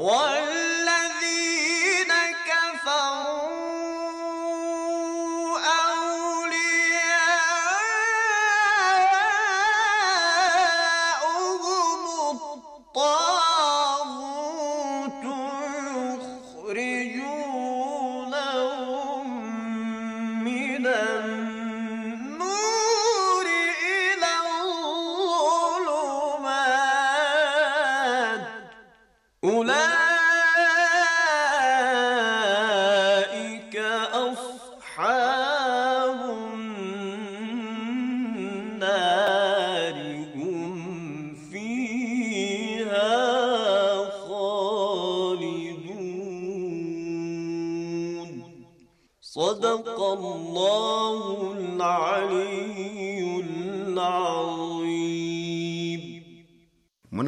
我。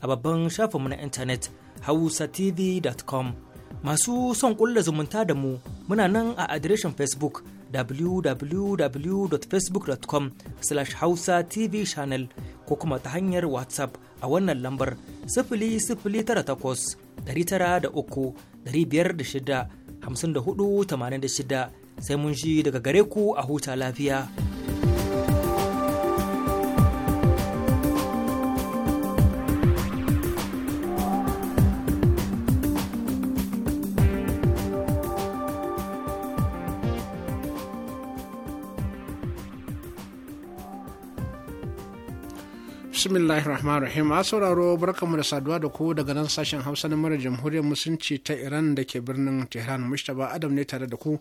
a babban shafin mu na intanet hausatv.com masu son kulla zumunta da mu muna nan a adireshin facebook www.facebook.com slash hausa tv channel ko kuma ta hanyar whatsapp a wannan lambar sifili sifili da tara uku biyar shida hamsin da hudu tamanin da shida sai mun ji daga gare ku a huta lafiya. bismillahirrahmanirrahim rahim a sauraro barkanmu da saduwa da ku daga nan sashen hausa na mara jamhuriyar musulunci ta iran da ke birnin tehran mustapha adam ne tare da ku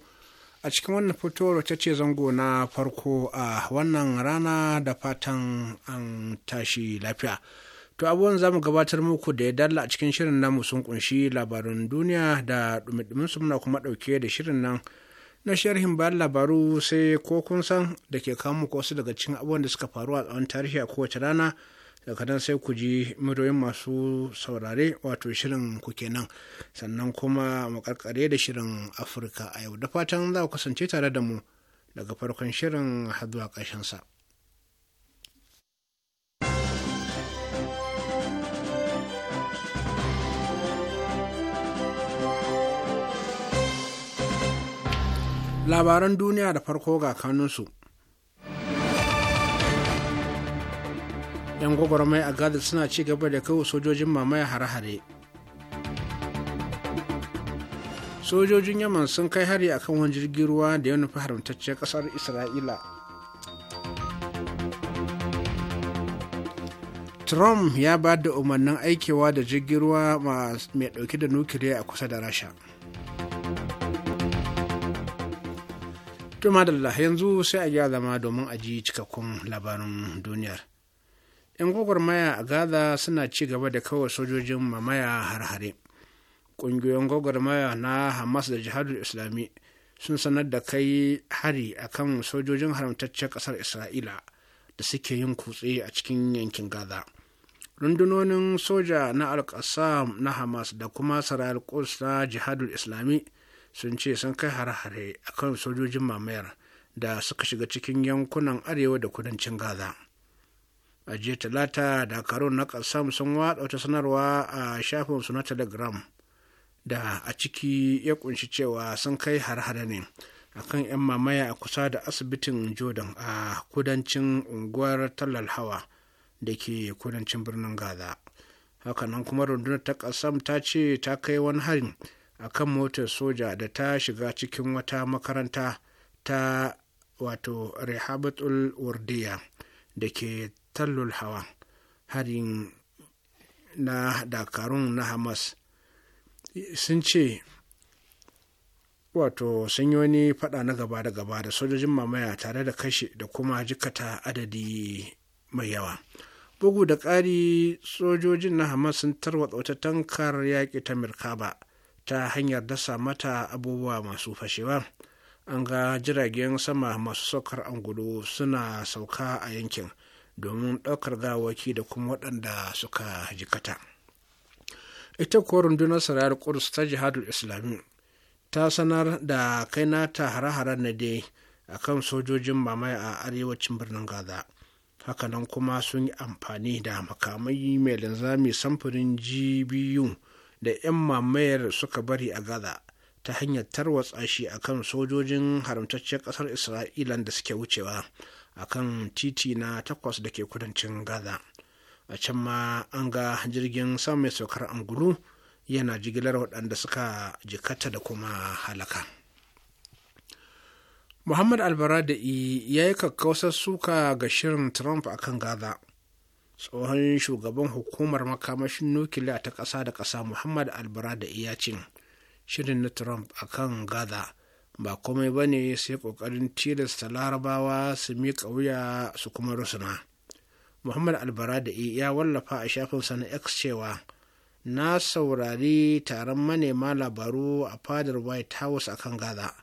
a cikin wannan fitowar ta ce zango na farko a wannan rana da fatan an tashi lafiya to abubuwan za mu gabatar muku da ya dalla a cikin shirin namu sun kunshi labarin duniya da dumi su muna kuma ɗauke da shirin nan na sharhin bayan labaru sai ko kun san da ke kawo muku wasu daga cikin abubuwan da suka faru a tsawon tarihi a kowace rana daga nan sai ku ji muryoyin masu saurare wato shirin ku kenan sannan kuma mu karkare da shirin afirka a yau da fatan za ku kasance tare da mu daga farkon shirin har zuwa ƙarshen sa. labaran duniya da farko ga kanunsu yan gwagwarmai a gaza suna ci gaba da kawo sojojin mamaya hare-hare sojojin yaman sun kai hari akan wani jirgin ruwa da ya nufi haramtacciyar kasar isra'ila trump ya ba da umarnin aikewa da jirgin ruwa mai dauke da nukiliya a kusa da rasha Tuma da yanzu sai a gyara zama domin a ji cikakkun labarin duniyar. 'Yan gwagwarmaya a Gaza suna ci gaba da kawai sojojin mamaya har-hare. Ƙungiyoyin gwagwarmaya na Hamas da Jihadul Islami sun sanar da kai hari a kan sojojin haramtaccen ƙasar Isra'ila da suke yin kutse a cikin yankin Gaza. rundunonin soja na al na hamas da kuma sarayar na jihadul islami sun ce sun kai hare-hare a kan sojojin mamayar da suka shiga cikin yankunan arewa da kudancin gaza a jiya talata dakarun na kasam sun watsa wata sanarwa a shafinsu na telegram da a ciki ya kunshi cewa sun kai harhare hare ne kan 'yan mamaya a kusa da asibitin jordan a kudancin unguwar talal hawa da ke kudancin birnin gaza hakanan kuma rundunar ta kasam ta ce ta kai wani harin a kan motar soja da ta shiga cikin wata makaranta ta wato rehabatul wardiya da ke tallul hawa harin na dakarun na hamas sun ce wato sun yi wani fada na gaba da gaba da sojojin mamaya tare da kashe da kuma jikata adadi mai yawa bugu da ƙari sojojin na hamas sun tarwatsa wata tankar yaƙi ta mirkaba ta hanyar dasa mata abubuwa masu fashewa an ga jiragen sama masu saukar angulu suna sauka a yankin domin ɗaukar gawaki da kuma waɗanda suka jikata ita kuwa rundunar sarayar kudus ta jihadul islami ta sanar da kai nata hare-hare na dai a kan sojojin mamaya a arewacin birnin gaza hakanan kuma sun yi amfani da makamai mai linzami samfurin gbu da 'yan mamayar suka bari a gaza ta hanyar tarwatsa shi akan sojojin haramtaccen ƙasar isra'ila da suke wucewa akan titi na takwas da ke kudancin gaza a can ma an ga jirgin mai saukar angulu yana jigilar waɗanda suka jikata da kuma halaka muhammad albarada'i ya yi kakkausar suka ga shirin trump kan gaza tsohon shugaban hukumar makamashin nukiliya ta ƙasa da ƙasa muhammad albara ya iyacin shirin na trump a kan gaza ba komai ba ne sai ƙoƙarin tilasta larabawa su miƙa wuya su kuma rusuna muhammad albara da ya wallafa a shafin na x cewa na saurari taron manema labaru a fadar white house akan gaza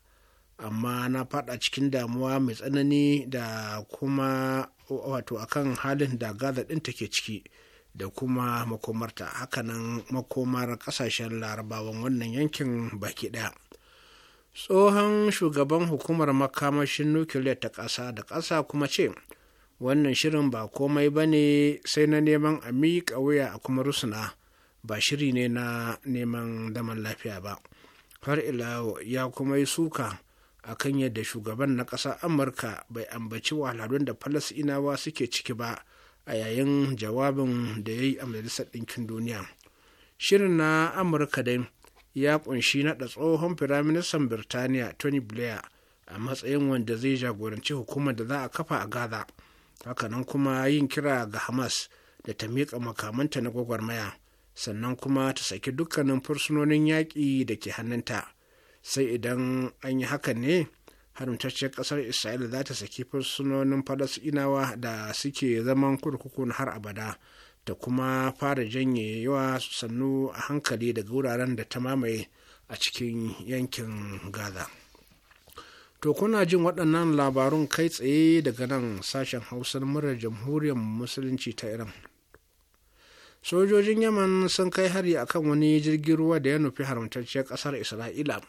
amma na fada cikin damuwa mai tsanani da kuma wato akan halin da gaza ɗin take ciki da kuma makomarta hakanan makomar ƙasashen larabawan wannan yankin baki ɗaya tsohon shugaban hukumar makamashin nukiliya ta ƙasa da ƙasa kuma ce wannan shirin ba komai ba ne sai na neman a miƙa wuya a kuma rusuna ba shiri ne na neman zaman lafiya ba har ila ya kuma yi suka a kan yadda shugaban na ƙasa amurka bai ambaci wahalhalun da falasinawa suke ciki ba a yayin jawabin da ya yi a majalisar ɗinkin duniya shirin na amurka dai ya kunshi naɗa tsohon firaministan birtaniya tony blair a matsayin wanda zai jagoranci hukumar da za a kafa a gaza hakanan kuma yin kira ga hamas da ta miƙa makamanta na gwagwarmaya sannan kuma ta saki dukkanin fursunonin yaƙi da ke hannunta sai idan an yi haka ne haramtacciyar ƙasar isra'ila za ta saki fursunonin falasɗinawa da suke zaman kurkukun har abada ta kuma fara janye yawa sannu a hankali daga wuraren da ta mamaye a cikin yankin gaza to kuna jin waɗannan labarun kai tsaye daga nan sashen hausar murar jamhuriyar musulunci ta iran sojojin yaman sun kai hari akan wani jirgin ruwa da ya nufi haramtacciyar ƙasar isra'ila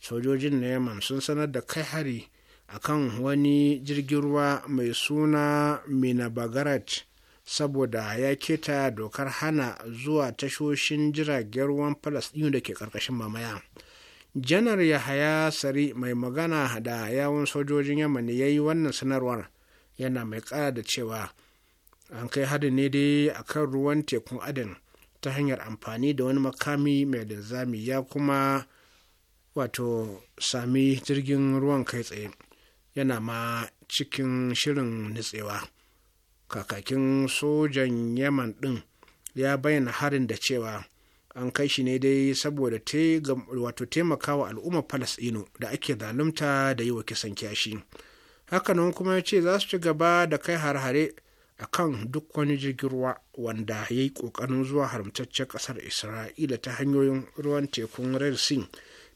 sojojin na yaman sun sanar da kai hari a kan wani jirgin ruwa mai suna minabagarat saboda ya keta dokar hana zuwa tashoshin jiragen ruwan falasɗin da ke ƙarƙashin mamaya janar yahaya sari mai magana da yawon sojojin yaman ya yi wannan sanarwar yana mai ƙara da cewa an kai hari ne dai a kan ruwan tekun adin ta hanyar amfani da wani makami mai linzami ya kuma wato sami jirgin ruwan kai tsaye yana ma cikin shirin nutsewa kakakin sojan yaman ɗin ya bayyana harin da cewa an kai shi ne dai saboda wato taimakawa al'ummar falasɗinu da ake zalunta da yi wa kisan kyashi hakanan kuma ya ce za su ci gaba da kai har-hare a kan duk wani jirgin ruwa wanda ya yi ƙoƙarin zuwa haramtaccen ƙasar isra'ila ta hanyoyin ruwan tekun red sea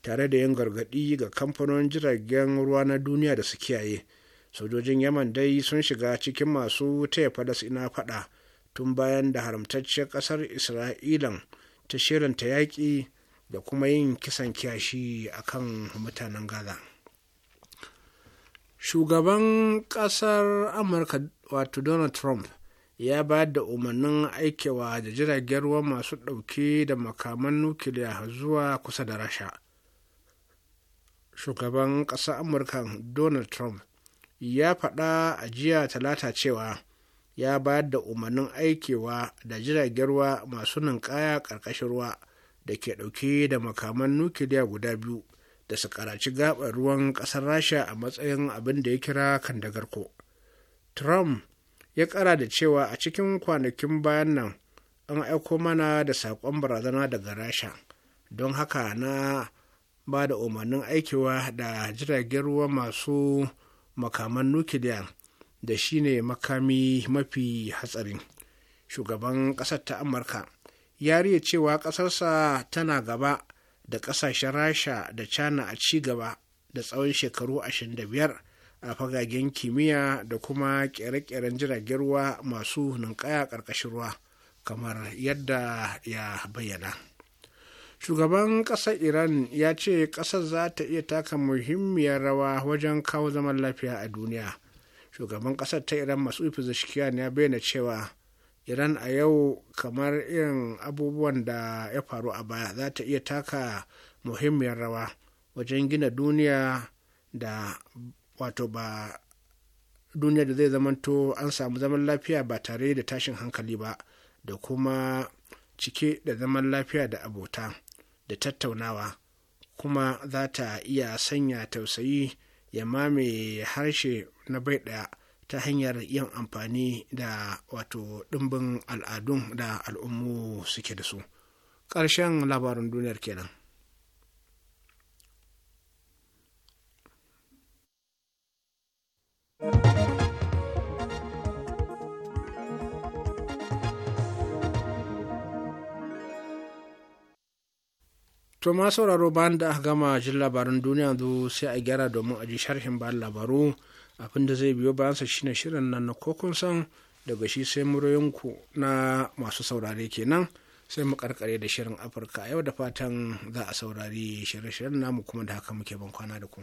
tare da yin gargaɗi ga kamfanonin jiragen ruwa na duniya da su kiyaye sojojin yaman dai sun shiga cikin masu taya ina faɗa tun bayan da haramtacciyar ƙasar isra'ilan ta shirinta yaƙi da kuma yin kisan kiyashi a kan mutanen gaza shugaban ƙasar amurka wato donald trump ya ba da umarnin aikewa da jiragen ruwa masu ɗauke da makaman nukiliya zuwa kusa da rasha shugaban ƙasar amurka donald trump ya faɗa a jiya talata cewa ya bayar da umarnin aikewa da jiragen ruwa masu ninkaya ƙarƙashin ruwa da ke ɗauke da makaman nukiliya guda biyu da su karaci gaɓar ruwan ƙasar rasha a matsayin abin da ya kira kan dagarko trump ya ƙara da cewa a cikin kwanakin bayan nan an aiko mana da saƙon barazana daga rasha don haka na ba da umarnin aikewa da jiragen ruwa masu makaman nukiliya da shine makami mafi hatsari shugaban ƙasar ta amurka ya riya cewa ƙasarsa tana gaba da ƙasashen rasha da china a ci gaba da tsawon shekaru 25 a fagagen kimiyya da kuma ƙere-ƙeren jiragen ruwa masu ninkaya ƙarƙashin ruwa kamar yadda ya bayyana. shugaban ƙasar iran ya ce ƙasar za ta iya taka muhimmiyar rawa wajen kawo zaman lafiya a duniya shugaban ƙasar ta iran masu pezeshkian ya bayyana cewa iran a yau kamar irin abubuwan da ya faru a baya za ta iya taka muhimmiyar rawa wajen gina duniya da wato ba duniya da zai zamanto an samu zaman lafiya ba tare da tashin hankali ba da kuma cike da zaman lafiya da abota da tattaunawa kuma za ta iya sanya tausayi ya mamaye harshe na bai ɗaya ta hanyar yin amfani da wato ɗimbin al'adun da al'ummu suke da su ƙarshen labarin duniyar kenan. to ma sauraro bayan da aka gama jin labaran duniya zo sai a gyara domin a ji sharhin bayan labaru abin da zai biyo sa shine shirin nan na kokon san daga shi sai ku na masu saurare kenan sai mu karkare da shirin afirka yau da fatan za a saurari shirye-shiryen namu kuma da haka muke ban kwana da ku.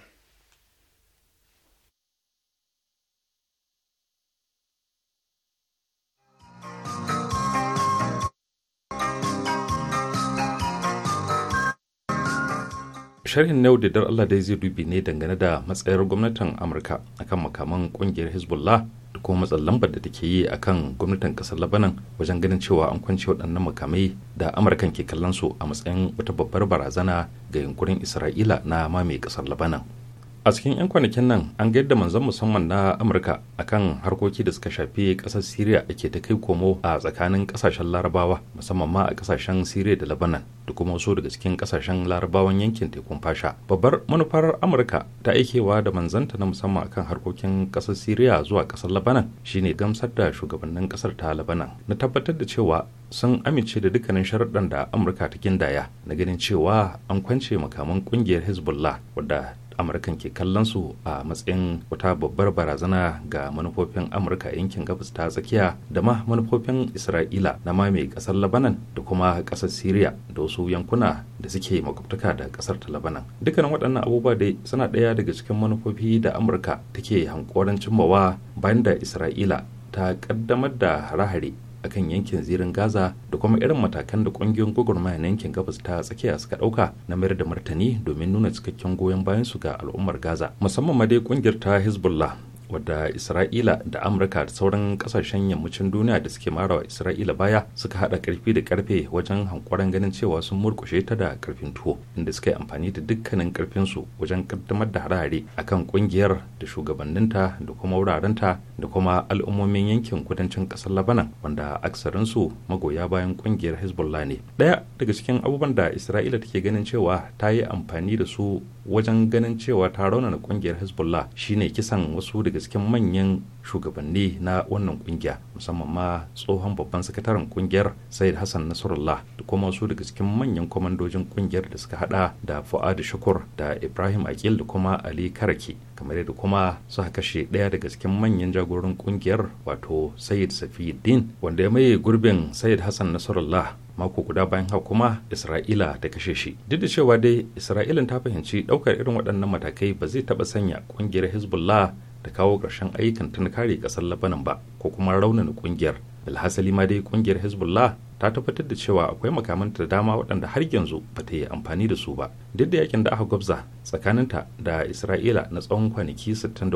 sharhin na da Allah dai zai dubi ne dangane da matsayar gwamnatin amurka akan makaman kungiyar hezbollah da kuma matsan lambar da take yi akan gwamnatin kasar labanan wajen ganin cewa an kwance waɗannan makamai da amurkan ke kallon su a matsayin wata babbar barazana ga yunkurin isra'ila na mamaye kasar labanan a cikin 'yan kwanakin nan an ga gaida manzan musamman na amurka akan harkoki da suka shafi kasar syria ake ta kai komo a tsakanin kasashen larabawa musamman ma a kasashen syria da labanan da kuma wasu daga cikin kasashen larabawan yankin tekun fasha babbar manufar amurka ta aikewa da manzanta na musamman akan harkokin kasar syria zuwa kasar labanan shine gamsar da shugabannin kasar ta labanan na tabbatar da cewa sun amince da dukkanin sharuɗan da amurka ta gindaya na ganin cewa an kwance makaman ƙungiyar hezbollah wadda amurkan ke kallon su a matsayin wata babbar barazana ga manufofin amurka yankin gabas ta tsakiya da ma manufofin isra'ila na ma mai kasar labanan da kuma kasar syria da wasu yankuna da suke makwabtaka da kasar ta labanan dukkanin waɗannan abubuwa dai suna ɗaya daga cikin manufofi da amurka take hankoran cimmawa bayan da isra'ila ta ƙaddamar da hare akan yankin zirin gaza da kuma irin matakan da kungiyoyin gwagwarmaya na yankin gabas ta tsakiya suka dauka na mayar da martani domin nuna cikakken goyon bayan su ga al'ummar gaza musamman ma dai kungiyar ta hezbollah wadda isra'ila da amurka da sauran kasashen yammacin duniya da suke marawa isra'ila baya suka hada karfi da karfe wajen hankwaran ganin cewa sun murkushe ta da karfin tuwo inda suka yi amfani da dukkanin karfinsu wajen kaddamar da harare kan kungiyar da shugabanninta da kuma wurarenta da kuma al'ummomin yankin kudancin kasar labanan wanda aksarinsu magoya bayan kungiyar hezbollah ne ɗaya daga cikin abubuwan da isra'ila take ganin cewa ta yi amfani da su wajen ganin cewa ta raunana kungiyar hezbollah shine kisan wasu daga cikin manyan shugabanni na wannan kungiya musamman ma tsohon babban sakataren kungiyar sayid hassan nasrullah da kuma wasu daga cikin manyan kwamandojin kungiyar da suka hada da fuad shakur da ibrahim akil da kuma ali karaki kamar yadda kuma suka kashe ɗaya daga cikin manyan jagororin kungiyar wato sayid safiuddin wanda ya maye gurbin sayid hassan nasrullah mako guda bayan haka kuma isra'ila ta kashe shi duk da cewa dai isra'ilan ta fahimci daukar irin waɗannan matakai ba zai taɓa sanya ƙungiyar hezbollah ta kawo ƙarshen ayyukan ta na kare ƙasar labanan ba ko kuma raunana ƙungiyar bilhassali ma dai ƙungiyar hezbollah ta tabbatar da cewa akwai makamanta da dama waɗanda har yanzu ba ta yi amfani da su ba duk da yakin da aka gwabza tsakaninta da isra'ila na tsawon kwanaki 63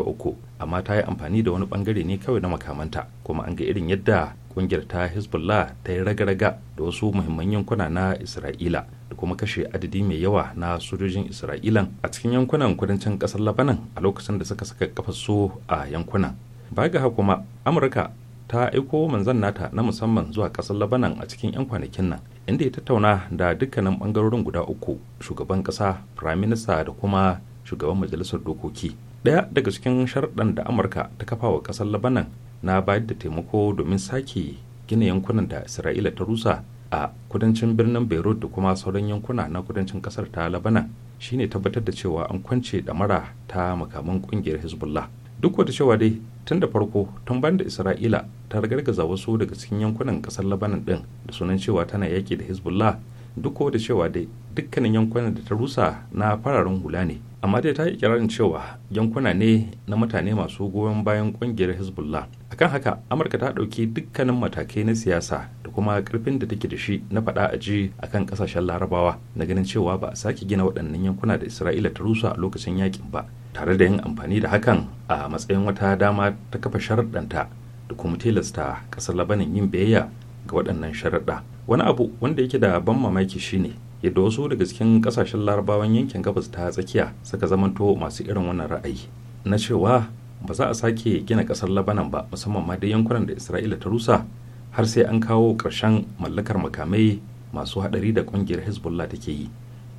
amma ta yi amfani da wani bangare ne kawai na makamanta kuma an ga irin yadda kungiyar ta hezbollah ta yi raga-raga da wasu muhimman yankuna na isra'ila da kuma kashe adadi mai yawa na sojojin isra'ilan a cikin yankunan kudancin kasar labanan a lokacin da suka saka kafasu a yankunan baya ga kuma amurka ta aiko manzan nata na musamman zuwa kasar labanan a cikin 'yan kwanakin nan inda ya tattauna da dukkanin bangarorin guda uku shugaban kasa firaminista da kuma shugaban majalisar dokoki daya daga cikin sharɗan da amurka ta kafa wa kasar labanan na bayar da taimako domin sake gina yankunan da isra'ila ta rusa a kudancin birnin beirut da kuma sauran yankuna na kudancin kasar ta labanan shine tabbatar da cewa an kwance da mara ta makaman kungiyar hezbollah duk wata cewa dai tun da farko tun bayan da isra'ila ta ragargaza wasu daga cikin yankunan kasar labanan din da sunan cewa tana yaki da hezbollah duk da cewa dai dukkanin yankunan da ta rusa na fararen hula ne amma dai ta yi kirarin cewa yankuna ne na mutane masu goyon bayan kungiyar hezbollah akan haka amurka ta ɗauki dukkanin matakai na siyasa da kuma karfin da take da shi na faɗa a ji akan kasashen larabawa na ganin cewa ba a sake gina waɗannan yankuna da isra'ila ta rusa a lokacin yakin ba tare da yin amfani da hakan a matsayin wata dama ta kafa sharaɗanta da kuma tilasta ƙasar labanin yin biyayya ga waɗannan sharaɗa wani abu wanda yake da ban mamaki shine yadda wasu daga cikin ƙasashen larabawan yankin gabas ta tsakiya suka zamanto masu irin wannan ra'ayi na cewa ba za a sake gina ƙasar labanan ba musamman ma da yankunan da isra'ila ta rusa har sai an kawo ƙarshen mallakar makamai masu haɗari da ƙungiyar hezbollah take yi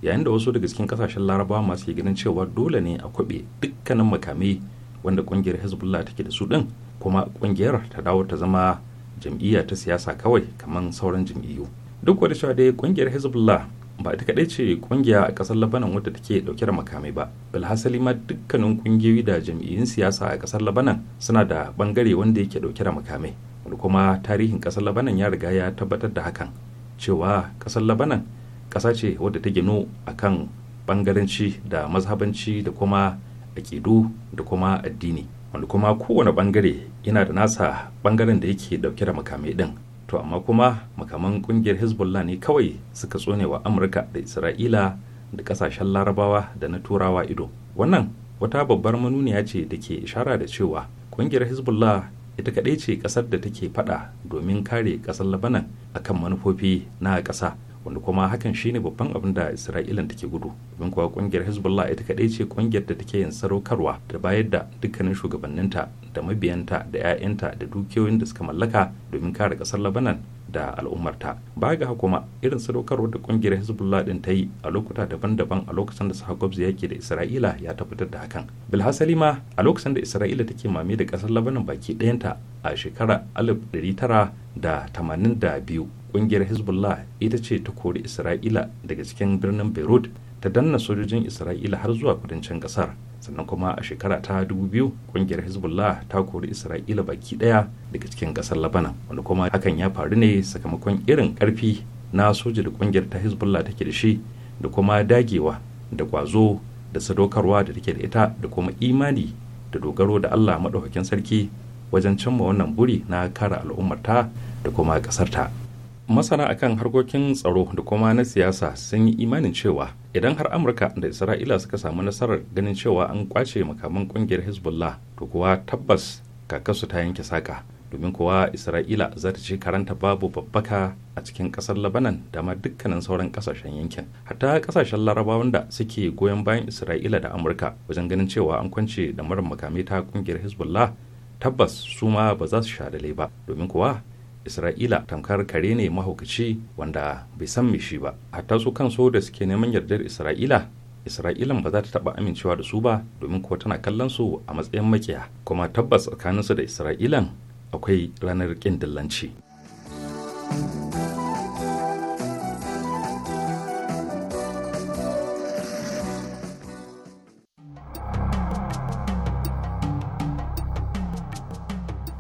yayin da wasu daga cikin ƙasashen larabawa masu ke ganin cewa dole ne a kwaɓe dukkanin makamai wanda ƙungiyar hezbollah take da su ɗin kuma ƙungiyar ta dawo ta zama jam'iyya ta siyasa kawai kamar sauran jam'iyyu duk wani cewa dai kungiyar hezbollah ba ita kaɗai ce kungiya a ƙasar labanan wadda take ɗauke da makamai ba bilhassali ma dukkanin kungiyoyi da jam'iyyun siyasa a ƙasar labanan suna da ɓangare wanda yake ɗauke da makamai wanda kuma tarihin ƙasar labanan ya riga ya tabbatar da hakan cewa ƙasar labanan ƙasa ce wadda ta gino akan bangaranci da mazhabanci da kuma aƙidu da kuma addini wanda kuma kowane bangare yana da nasa bangaren da yake dauke da makamai din to amma kuma makaman kungiyar hezbollah ne kawai suka tsone wa amurka da isra'ila da kasashen larabawa da na turawa ido wannan wata babbar manuniya ce da ke ishara da cewa kungiyar hezbollah ita kadai ce ƙasar da take faɗa domin kare ƙasar labanan akan manufofi na ƙasa wanda kuma hakan shine babban abin da isra'ila take gudu abin kuwa kungiyar hezbollah ita kadai ce kungiyar da take yin sarokarwa da bayar da dukkanin shugabanninta da mabiyanta da 'ya'yanta da dukiyoyin da suka mallaka domin kare kasar labanan da al'ummarta ba ga kuma irin sadaukarwar da kungiyar hezbollah din ta yi a lokuta daban-daban a lokacin da suka yaki da isra'ila ya tabbatar da hakan bilhassali ma a lokacin da isra'ila take mame da kasar labanan baki ɗayanta a shekara 1982 kungiyar hezbollah ita ce ta kori isra'ila daga cikin birnin beirut ta danna sojojin isra'ila har zuwa kudancin kasar sannan kuma a shekara ta dubu biyu kungiyar hezbollah ta kori isra'ila baki daya daga cikin kasar labanan wanda kuma hakan ya faru ne sakamakon irin karfi na soja da kungiyar ta hezbollah take da shi da kuma dagewa da kwazo da sadaukarwa da take da ita da kuma imani da dogaro da allah maɗaukakin sarki wajen cimma wannan buri na kare al'ummarta da kuma ƙasarta. masana akan harkokin tsaro da kuma na siyasa sun yi imanin cewa idan har amurka da isra'ila suka samu nasarar ganin cewa an kwace makaman kungiyar hezbollah to kuwa tabbas kakasu ta yanke saka domin kuwa isra'ila za ta ci karanta babu babbaka a cikin kasar labanan da ma dukkanin sauran kasashen yankin hatta kasashen larabawan da suke goyon bayan isra'ila da amurka wajen ganin cewa an kwance da marar makamai ta kungiyar hezbollah tabbas su ma ba za su sha ba domin kuwa isra'ila tamkar kare ne mahaukaci wanda bai san me shi ba hatta su so da suke neman yardar isra'ila isra'ilan ba za ta taba amincewa da su ba domin kuwa tana kallon su a matsayin makiya kuma tabbas tsakanin su da isra'ilan akwai ranar ƙin dillanci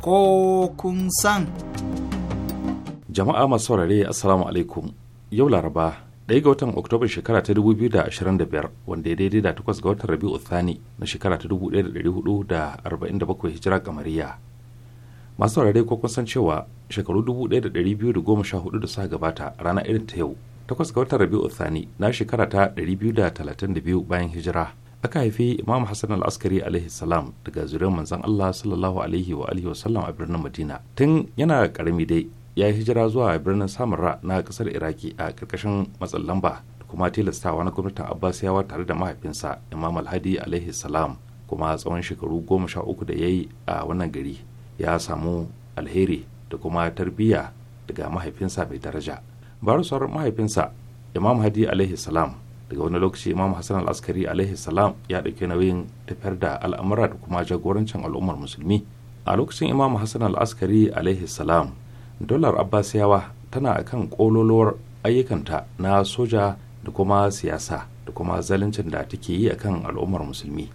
ko kun san jama'a masu saurare assalamu alaikum yau laraba ɗaya ga watan oktoba shekara ta 2025 wanda ya daidai da takwas ga watan rabi'u thani na shekara ta 1447 hijira kamariya masu saurare ko kun san cewa shekaru 1214 da suka gabata rana irin ta yau takwas ga watan rabi'u thani na shekara ta 232 bayan hijira aka haifi imam hassan al-askari alaihi salam daga zuriyar manzon allah sallallahu alaihi wa alihi a birnin madina tun yana karami dai ya yi hijira zuwa birnin samarra na kasar iraki a karkashin matsin lamba da kuma tilastawa na gwamnatin abbasiyawa tare da mahaifinsa imam alhadi alaihi salam kuma tsawon shekaru goma sha uku da ya yi a wannan gari ya samu alheri da kuma tarbiyya daga mahaifinsa mai daraja barusar mahaifinsa imam hadi alaihi salam daga wani lokaci imam hassan al-askari alaihi salam ya ɗauki nauyin tafiyar da al'amura da kuma jagorancin al'ummar musulmi a lokacin imam hassan al-askari alaihi salam dolar abbasiyawa tana akan kololuwar ayyukanta na soja da kuma siyasa da kuma zaluncin da take yi a kan al'ummar musulmi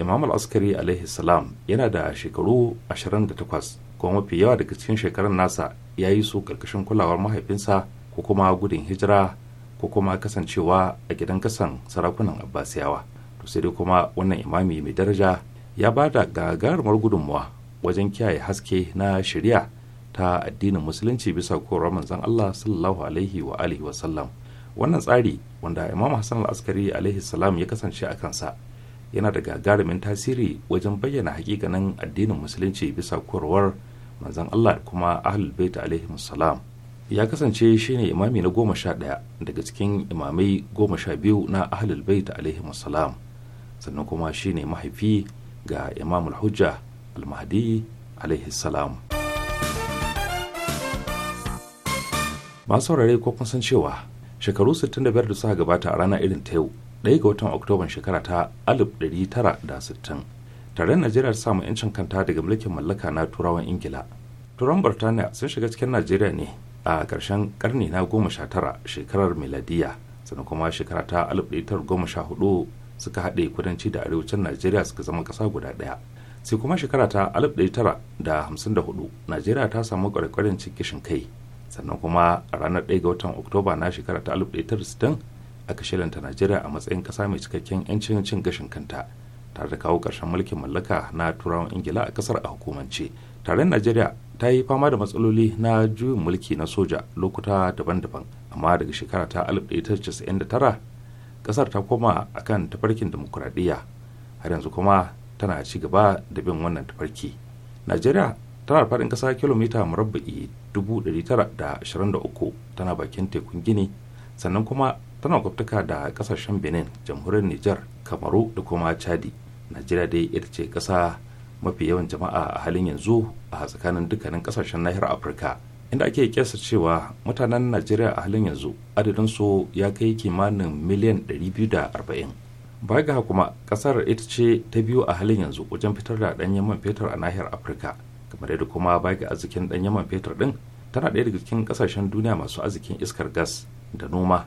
imam al-askari alaihi salam yana da shekaru 28 kuma mafi yawa daga cikin shekarun nasa ya yi su karkashin kulawar mahaifinsa ko kuma gudun hijira ko kuma kasancewa a gidan kasan sarakunan abbasiyawa to sai dai kuma wannan imami mai daraja ya bada da gagarumar gudunmuwa wajen kiyaye haske na shari'a ta addinin musulunci bisa korar manzon Allah sallallahu alaihi wa alihi wa sallam wannan tsari wanda Imam Hassan al-Askari alaihi salam ya kasance a kansa yana da gagarumin tasiri wajen bayyana hakikanin addinin musulunci bisa korowar manzon Allah da kuma ahlul bait alaihi salam ya kasance shine imami na goma sha ɗaya daga cikin imamai goma sha biyu na ahlul bait alaihi salam sannan kuma shine mahaifi ga imamul hujja al-mahdi alaihi salam masu saurare ko kun san cewa shekaru 65 da suka gabata a rana irin ta yau ɗaya ga watan oktoban shekara ta 1960 tare najeriya ta samu 'yancin kanta daga mulkin mallaka na turawan ingila turawan birtaniya sun shiga cikin najeriya ne a ƙarshen ƙarni na 19 shekarar miladiya sannan kuma shekara ta 1914 suka haɗe kudanci da arewacin najeriya suka zama ƙasa guda ɗaya sai kuma shekara ta 1954 najeriya ta samu ƙwarƙwarin cikin kai sannan kuma a ranar 1 ga watan oktoba na shekara ta 1960 aka shirinta najeriya a matsayin kasa mai cikakken 'yancin cin gashin kanta tare da kawo karshen mulkin mallaka na turawan ingila a kasar a hukumance taron najeriya ta yi fama da matsaloli na juyin mulki na soja lokuta daban-daban amma daga shekara ta 1999 ƙasar ta koma akan tafarkin demokuraɗiyya har yanzu kuma tana ci gaba da bin wannan tafarki najeriya tana da faɗin ƙasa kilomita murabba'i 1923 tana bakin tekun gini sannan kuma tana kwaftuka da kasashen benin jamhuriyar niger kamaru da kuma chadi najeriya dai ita ce kasa mafi yawan jama'a a halin yanzu a tsakanin dukkanin kasashen nahiyar afirka inda ake kyasa cewa mutanen najeriya a halin yanzu adadin su ya kai kimanin miliyan 240 baya ga kuma kasar ita ce ta biyu a halin yanzu wajen fitar da ɗanyen man fetur a nahiyar afirka kamar yadda kuma baya ga arzikin ɗanyen man fetur ɗin tana ɗaya daga cikin ƙasashen duniya masu arzikin iskar gas da noma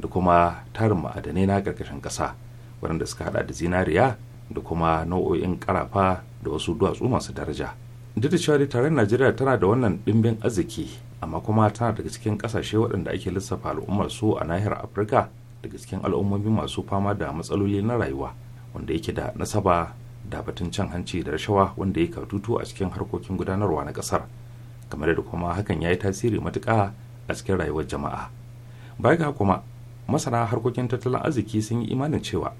da kuma tarin ma'adanai na ƙarƙashin ƙasa waɗanda suka haɗa da zinariya da kuma nau'o'in ƙarafa da wasu duwatsu masu daraja duk da cewa tarayyar najeriya tana da wannan ɗimbin arziki amma kuma tana daga cikin ƙasashe waɗanda ake lissafa al'ummar su a nahiyar afirka daga cikin al'ummomi masu fama da matsaloli na rayuwa wanda yake da nasaba da batun cin hanci da rashawa wanda ya tutu a cikin harkokin gudanarwa na ƙasar kamar da kuma hakan ya yi tasiri matuƙa a cikin rayuwar jama'a baya ga kuma masana harkokin tattalin arziki sun yi imanin cewa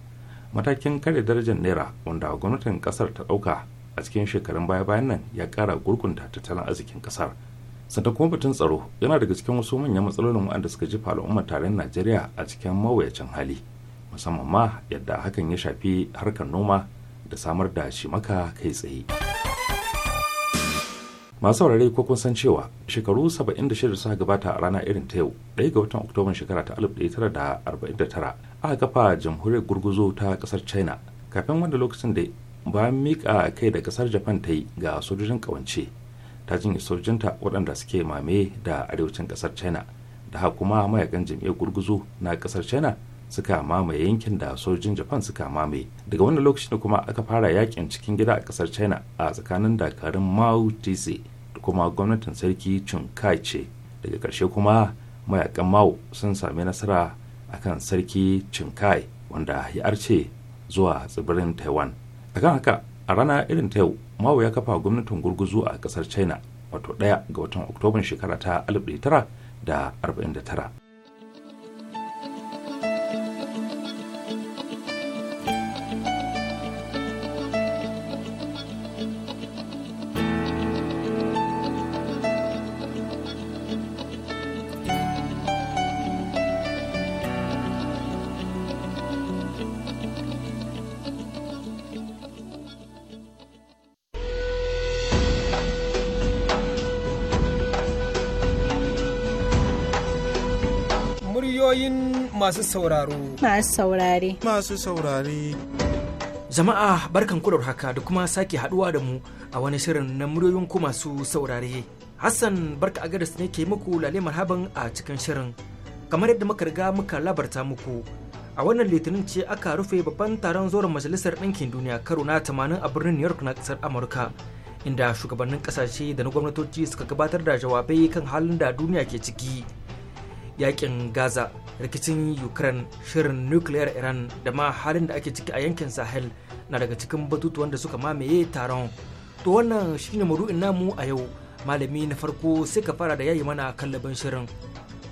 matakin kare darajar naira wanda gwamnatin kasar ta ɗauka a cikin shekarun baya bayan nan ya ƙara gurgunta tattalin arzikin kasar sannan kuma batun tsaro yana daga cikin wasu manyan matsalolin waɗanda suka jefa al'ummar tarayyar najeriya a cikin mawuyacin hali musamman ma yadda hakan ya shafi harkar noma da samar da shi maka kai tsaye. masu saurare ko kun san cewa shekaru 76 suka gabata a rana irin ta yau ɗaya ga watan oktoban shekara ta 1949 aka kafa jamhuriyar gurguzo ta kasar china kafin wanda lokacin da bayan mika kai da kasar japan ta yi ga sojojin kawance ta jinya sojojinta waɗanda suke mame da arewacin kasar china da kuma mayakan jam'iyyar gurguzo na kasar china suka mamaye yankin da sojin japan suka mamaye daga wannan lokacin kuma aka fara yakin cikin gida a kasar china a tsakanin dakarun mao tse da kuma gwamnatin sarki chun kai ce daga karshe kuma mayakan mao sun sami nasara akan sarki chun kai wanda ya arce zuwa tsibirin taiwan akan haka a rana irin ta yau mao ya kafa gwamnatin gurguzu a kasar china wato ɗaya ga watan oktoban shekara ta 1949 masu sauraro. Masu saurare. Masu saurare. Jama'a barkan kudur haka da kuma sake haduwa da mu a wani shirin na muryoyin ku masu saurare. Hassan barka gadas ne ke muku lale marhaban a cikin shirin. Kamar yadda muka riga muka labarta muku a wannan litinin ce aka rufe babban taron zoron majalisar ɗinkin duniya karo na 80 a birnin New York na ƙasar Amurka. Inda shugabannin ƙasashe da na gwamnatoci suka gabatar da jawabai kan halin da duniya ke ciki. yaƙin Gaza rikicin ukraine shirin nukiliyar iran da ma halin da ake ciki a yankin sahel na daga cikin batutuwan da suka mamaye taron to wannan shine maru'in namu a yau malami na farko sai ka fara da yayi mana kallabin shirin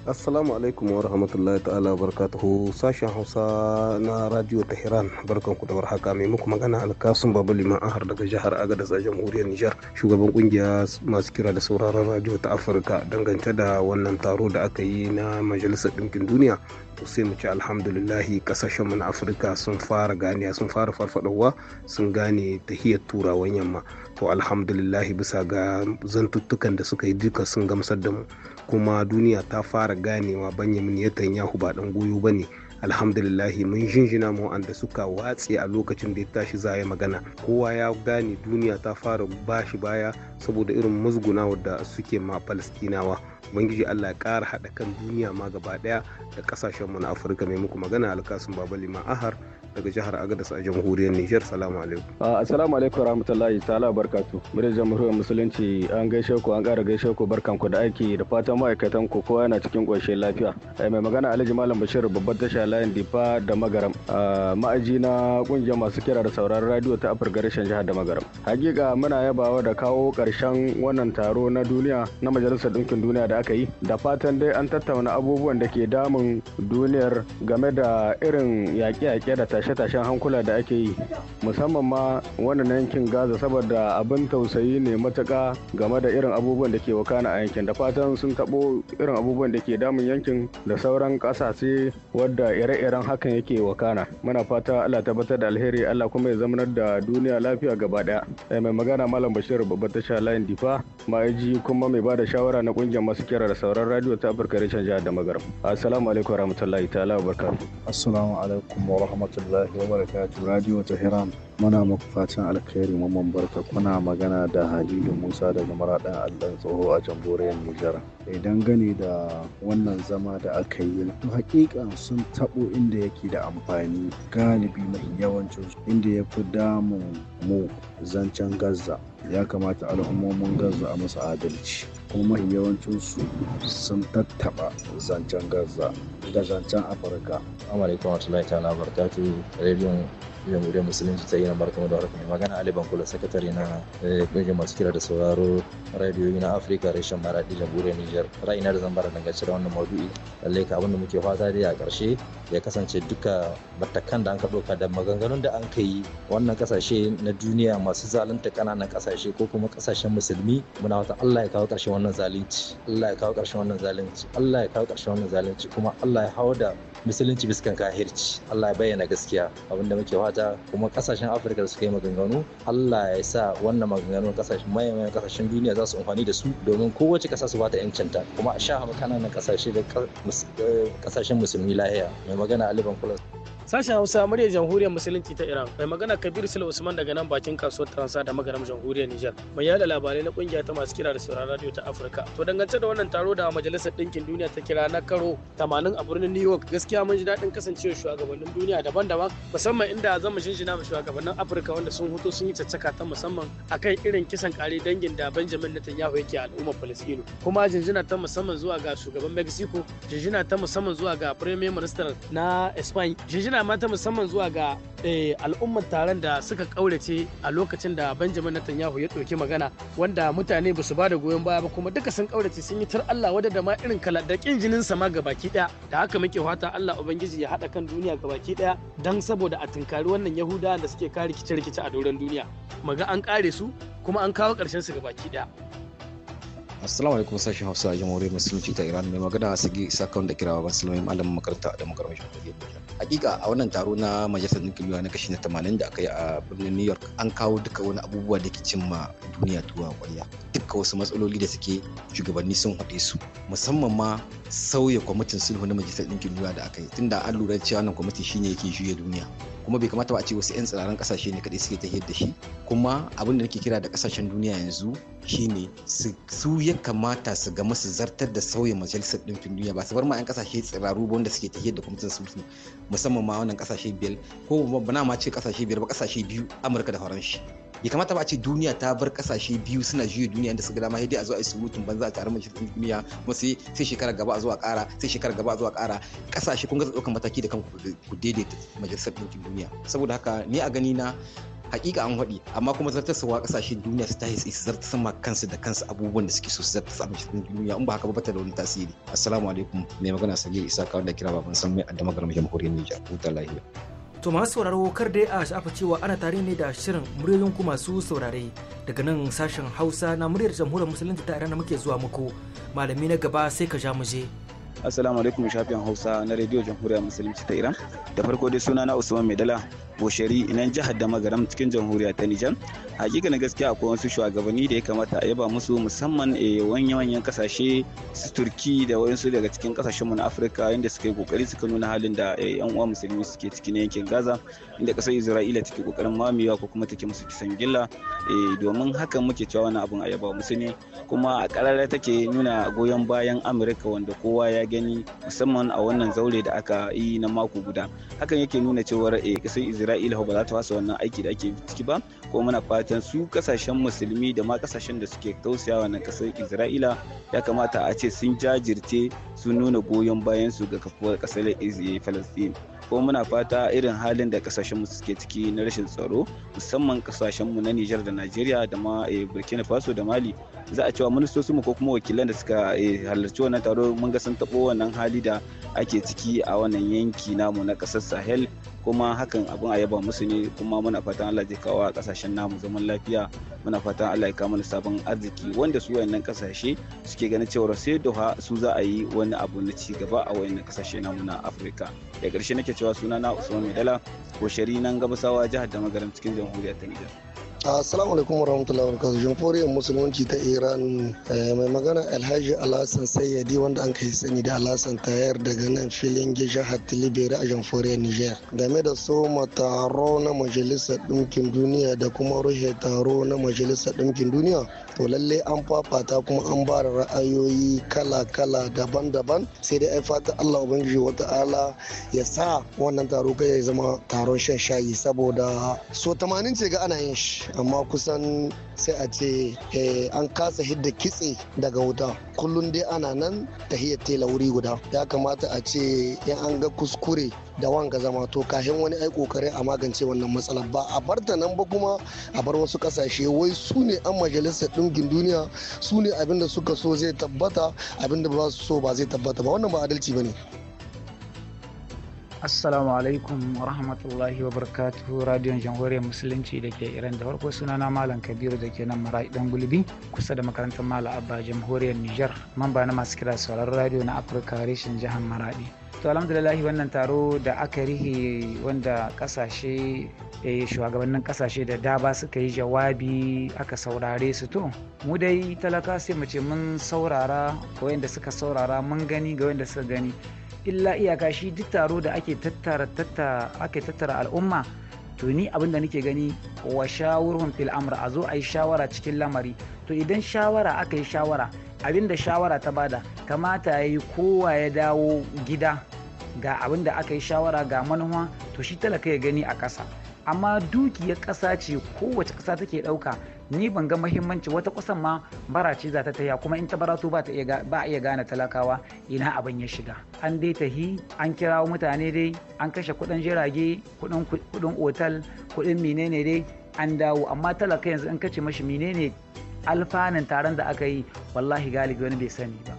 assalamu alaikum wa rahmatullahi ta'ala barakatuhu sashen hausa na radio tehran barkan ku da warhaka mai muku magana alkasun babu liman ahar daga jihar agadas a jamhuriyar nijar shugaban kungiya masu kira da sauraron radio ta afirka dangance da wannan taro da aka yi na majalisar ɗinkin duniya to sai mu ci alhamdulillahi kasashen na afirka sun fara ganiya sun fara farfadowa sun gane ta hiyar turawan yamma to alhamdulillahi bisa ga zantuttukan da suka yi duka sun gamsar da mu kuma duniya ta fara ganewa banyamin yahu ba dan goyo bane alhamdulillahi mun jinjina mu da suka watse a lokacin da ya tashi za magana kowa ya gane duniya ta fara bashi baya saboda irin musgunawa da suke ma falastinawa ubangiji allah ya ƙara haɗa kan duniya ma gaba ɗaya da ƙasashenmu na afirka mai muku magana alkasun babali liman daga jihar Agadas a jamhuriyar Nijar. Salamu alaikum. Ah, assalamu alaikum rahmatullahi ta'ala barkatu. Muryar jamhuriyar musulunci an gaishe ku an ƙara gaishe ku barkan ku da aiki da fatan ma'aikatan ku kowa yana cikin ƙoshin lafiya. Eh, mai magana Alhaji Malam Bashir babban tasha layin Difa da Magaram. Ah, ma'aji na ƙungiyar masu kira da sauraron radio ta Afirka rashin jihar da Magaram. Hakika muna yabawa da kawo ƙarshen wannan taro na duniya na Majalisar Ɗinkin Duniya da aka yi da fatan dai an tattauna abubuwan da ke damun duniyar game da irin yaƙe-yaƙe da tashi tashe-tashen hankula da ake yi musamman ma wannan yankin gaza saboda abin tausayi ne matuka game da irin abubuwan da ke wakana a yankin da fatan sun taɓo irin abubuwan da ke damun yankin da sauran ƙasashe wadda ire-iren hakan yake wakana muna fata allah tabbatar da alheri allah kuma ya zamanar da duniya lafiya gaba ɗaya eh, mai magana malam bashir babbar tasha layin difa ma'aji kuma mai bada shawara na ƙungiyar masu kira da sauran radio ta afirka reshen jihar da magaram assalamu alaikum warahmatullahi ta'ala wa assalamu alaikum wa rahmatullahi rahmatullahi wa barakatu radio tehran muna muku fatan alkhairi mun barka kuna magana da halilu musa daga maraɗin allah tsoho a jamhuriyar nijar idan eh, gane da wannan zama da aka yi hakika sun taɓo inda yake da amfani galibi mai yawanci inda ya fi damun mu zancen gaza ya kamata al'ummomin gaza a masa adalci kuma yawancinsu sun tattaba zancen gaza da zancen afirka amurka wata laita na bartatu rediyon jamhuriyar musulunci ta yi na barka da mai magana ali bankula sakatare na eh, kungiyar masu kira da sauraro radiyoyi na afirka reshen maradi jamhuriyar niger na da zambara dangance da wannan maudu'i lallai ka abin da muke fata dai a ƙarshe ya kasance duka matakan da an ka ɗauka da maganganun da an ka yi wannan ƙasashe na duniya masu zalunta ƙananan ƙasashe ko kuma ƙasashen musulmi muna wata allah ya kawo ƙarshen wannan zalunci allah ya kawo ƙarshen wannan zalunci allah ya kawo ƙarshen wannan zalunci kuma allah ya hau da musulunci biskan kahirci Allah ya bayyana gaskiya abinda muke fata kuma kasashen Afirka da suka yi maganganu Allah ya sa wannan maganganun kasashen mayan kasashen duniya za su amfani da su domin kowace kasa su bata yancinta kuma a sha kananan kasashe da kasashen musulmi lahiya mai magana Ali Bankulas. Sashen Hausa muryar Jamhuriyar Musulunci ta Iran mai magana Kabir Sule Usman daga nan bakin kasuwar Transa da magaram Jamhuriyar Nijar mai yada labarai na kungiya ta masu kira da sauran radio ta Afirka. To dangance da wannan taro da Majalisar Dinkin Duniya ta kira na karo 80 a birnin New York gaskiya mun ji daɗin kasancewar shugabannin duniya daban-daban musamman inda zan mu shinshina ma shugabannin Afirka wanda sun hoto sun yi caccaka ta musamman a akan irin kisan kare dangin da Benjamin Netanyahu yake al'umma palestino Kuma jinjina ta musamman zuwa ga shugaban Mexico, jinjina ta musamman zuwa ga Premier Minister na Spain, jinjina magana ma ta musamman zuwa ga eh, al'ummar taron da suka kaurace a lokacin da Benjamin Netanyahu ya ɗauki magana wanda mutane ba su ba da goyon baya ba kuma duka sun kaurace sun yi tar Allah wadda da ma irin kala da kin jinin sama ga baki daya da haka muke fata Allah ubangiji ya hada kan duniya gabaki daya dan saboda a tunkari wannan Yahuda da suke kare rikice-rikice a doron duniya maga an kare su kuma an kawo ƙarshen su baki daya assalamu alaikum sashen hausa jamhuriyar musulunci ta iran mai magana a sigi isa kawun da kirawa ba malam makaranta da makarantar jamhuriyar hakika a wannan taro na majalisar nukiliya na kashi na 80 da aka yi a birnin new york an kawo duka wani abubuwa da ke cimma duniya tuwa kwarya duka wasu matsaloli da suke shugabanni sun haɗe su musamman ma sauya kwamitin sulhu na majalisar ɗinkin da aka yi tunda an lura cewa wannan kwamitin shine yake juya duniya kuma bai kamata ba a ce wasu 'yan tsiraran kasashe ne kadai suke tafiyar da shi kuma abin da nake kira da kasashen duniya yanzu shine su ya kamata su ga masu zartar da sauya majalisar ɗinkin duniya ba su bar ma 'yan kasashe tsiraru ba wanda suke tafiyar da kwamitin sulhu musamman ma wannan kasashe biyar ko ba na ma ce kasashe biyar ba kasashe biyu amurka da faransa ya kamata ba a ce duniya ta bar kasashe biyu suna juya duniya da su gada dama dai a zo a yi surutun banza a taron mashirin duniya kuma sai sai shekara gaba a zuwa a sai shekara gaba a zuwa a kasashe kun ga ɗaukan mataki da kanku ku daidaita majalisar ɗinkin duniya saboda haka ni a gani na hakika an haɗi amma kuma zartasawa kasashen duniya su tahi su zarta sama kansu da kansu abubuwan da suke so su zarta sama shirin duniya in ba haka ba ta da wani tasiri assalamu alaikum mai magana sagir isa kawai da kira baban san mai addama garmashin jamhuriyar Nijar huta To masu sauraro kar dai a shafa cewa ana tare ne da shirin muryoyin ku masu saurare daga nan sashen Hausa na muryar jamhuriyar musulunci ta Iran muke zuwa muku malami na gaba sai ka ja mu je. Assalamu alaikum shafin Hausa na rediyo Jamhuriyar Musulunci ta Iran. Da farko dai suna na Usman Maidala boshari nan jihar da magaram cikin jamhuriya ta nijar hakika na gaskiya akwai wasu shugabanni da ya kamata a yaba musu musamman eh, a wanyan kasashe su turki da wayansu daga cikin kasashenmu na afirka inda suka yi kokari suka nuna halin da yan eh, uwa musulmi suke cikin yankin gaza inda kasar isra'ila take kokarin mamewa ko kuma take musu kisan gilla eh, domin hakan muke cewa wani abun a yaba musu ne kuma a karara take nuna goyon bayan amurka wanda kowa ya gani musamman a wannan zaure da aka yi na mako guda hakan yake nuna cewar kasar isra'ila ba za ta fasa wannan aiki da ake ciki ba ko muna fatan su kasashen musulmi da ma kasashen da suke tausaya wannan kasar isra'ila ya kamata a ce sun jajirce su nuna goyon bayan su ga kafuwar kasar falastin ko muna fata irin halin da kasashen mu suke ciki na rashin tsaro musamman kasashen mu na Nijar da Najeriya da ma eh, Burkina Faso da Mali za a cewa ministoci mu ko kuma wakilan da suka eh, halarci wannan taro mun ga sun tabo wannan hali da ake ciki a wannan yanki namu na kasar Sahel kuma hakan abin a yaba musu ne kuma muna fatan Allah zai kawo a kasashen namu zaman lafiya muna fatan Allah ya kawo mana sabon arziki wanda su wayannan kasashe suke ganin cewa sai doha su za a yi wani abu na ci gaba a wayannan kasashe namu na Afirka da ƙarshe nake cewa suna na Usman Medala ko shari nan gabasawa jihar da cikin jamhuriyar ta Nijar Assalamu alaikum warahmatullahi wabarakatuh. Jamhuriyar Musulunci ta Iran eh, mai magana Alhaji Alhassan Sayyadi wanda an kai sani da Alhassan Tayar daga nan filin hattili Tilibiri a Jamhuriyar Niger. Game da soma taro na Majalisar Ɗinkin Duniya da kuma ruhe taro na Majalisar Ɗinkin Duniya to lallai an fafata kuma an ba da ra'ayoyi kala-kala daban-daban sai dai ai fata Allah Ubangiji wata'ala ya sa wannan taro kai ya zama taron shan shayi saboda so tamanin ce ga ana yin shi amma kusan sai a ce eh, an kasa hidda kitse daga wuta kullum dai ana nan ta hiyar tela wuri guda ya kamata a ce in an ga kuskure da wanga zama to kahin wani ai kokarin a magance wannan matsala ba a barta nan ba kuma a bar wasu kasashe wai su ne an majalisar ɗungin duniya su ne abinda suka so zai tabbata abinda ba su so ba zai tabbata ba wannan ba adalci ba ne assalamu alaikum wa rahmatullahi wa barakatuhu radiyon jamhuriyar musulunci da ke iran da farko sunana malam kabiru da ke nan mara'i dan gulbi kusa da makarantar malam abba jamhuriyar nijar mamba na masu kira sauran radiyo na afirka reshen jihar maradi to alhamdulillahi wannan taro da aka rihi wanda kasashe eh, shugabannin kasashe da daba suka yi jawabi aka saurare su to mu dai talaka sai mu ce mun saurara ga wanda suka saurara mun gani ga wanda suka gani illa iyaka shi duk taro da ake tattara ake tattara al'umma to ni abin da nake gani wa shawurhum fil amr a zo ayi shawara cikin lamari to idan shawara aka yi shawara abin da shawara ta bada kamata ya yi kowa ya dawo gida ga abin da aka yi shawara ga manuwa to shi talaka ya gani a ƙasa amma dukiyar ƙasa ce kowace ƙasa take ɗauka ni ban ga mahimmanci wata kusan ma barace za ta taya kuma in ta barato ba a iya gane talakawa ina abin ya shiga an dai tahi an kira mutane dai an kashe kudin jirage kudin otal kudin menene dai an dawo amma talaka yanzu in kace mashi menene alfanun taron da aka yi wallahi galibi wani bai sani ba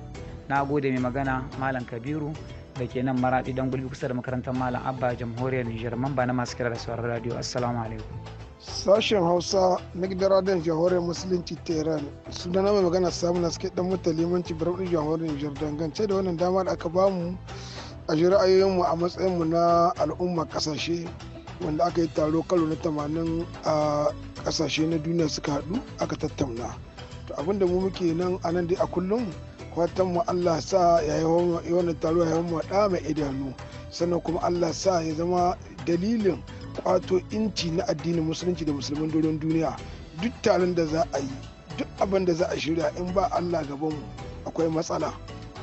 na gode mai magana malam kabiru da ke nan maraɗi don gulbi kusa da makarantar malam abba jamhuriyar nijar mamba na masu kira da sauran radio assalamu alaikum Sashen Hausa na gidan radon jamhuriyar Musulunci Tehran suna na mai magana samun na suke dan mutane limanci birnin jamhuriyar Nijar dangance da wannan dama da aka bamu a ji ra'ayoyinmu a matsayinmu na al'umma kasashe wanda aka yi taro kalo na tamanin a kasashe na duniya suka haɗu aka tattauna. To abinda mu muke nan a nan dai a kullum fatan mu Allah sa ya yi wannan taro ya yi mai idanu sannan kuma Allah sa ya zama dalilin kwato inci na addinin musulunci da musulmin doron duniya duk taron da za a yi duk abin da za a shirya in ba allah gabanmu akwai matsala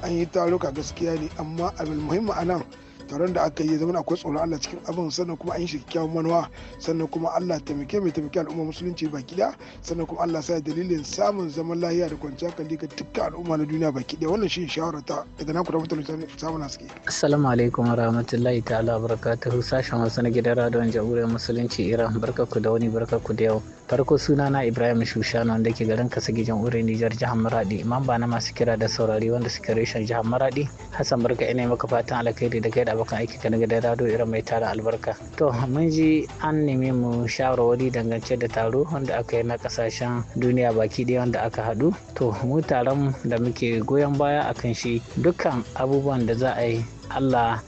an yi taruka gaskiya ne amma abin muhimmi a nan taron da aka yi zama akwai tsoron Allah cikin abin sannan kuma an yi shi kyakkyawan manuwa sannan kuma Allah taimake mai taimake al'umma musulunci baki daya sannan kuma Allah sa dalilin samun zaman lahiya da kwanciya kan ga dukkan al'umma na duniya baki daya wannan shi shawara ta daga naku da mutane samun haske assalamu alaikum rahmatullahi ta'ala barakatuhu sashen wasu na gidan radon jamhuriyar musulunci Iran barkaku da wani barkaku da yau farko suna na ibrahim shushana wanda ke garin kasa gijin jamhuriyar nijar jihar maradi imam ba na masu kira da saurari wanda suke reshen jihar maradi hassan barka ina maka fatan alkhairi da kai da abokan aiki ka daga dado irin mai tara albarka to mun ji an nemi mu shawarwari dangance da taro wanda aka yi na kasashen duniya baki ɗaya wanda aka haɗu to mu taron da muke goyon baya akan shi dukkan abubuwan da za a yi allah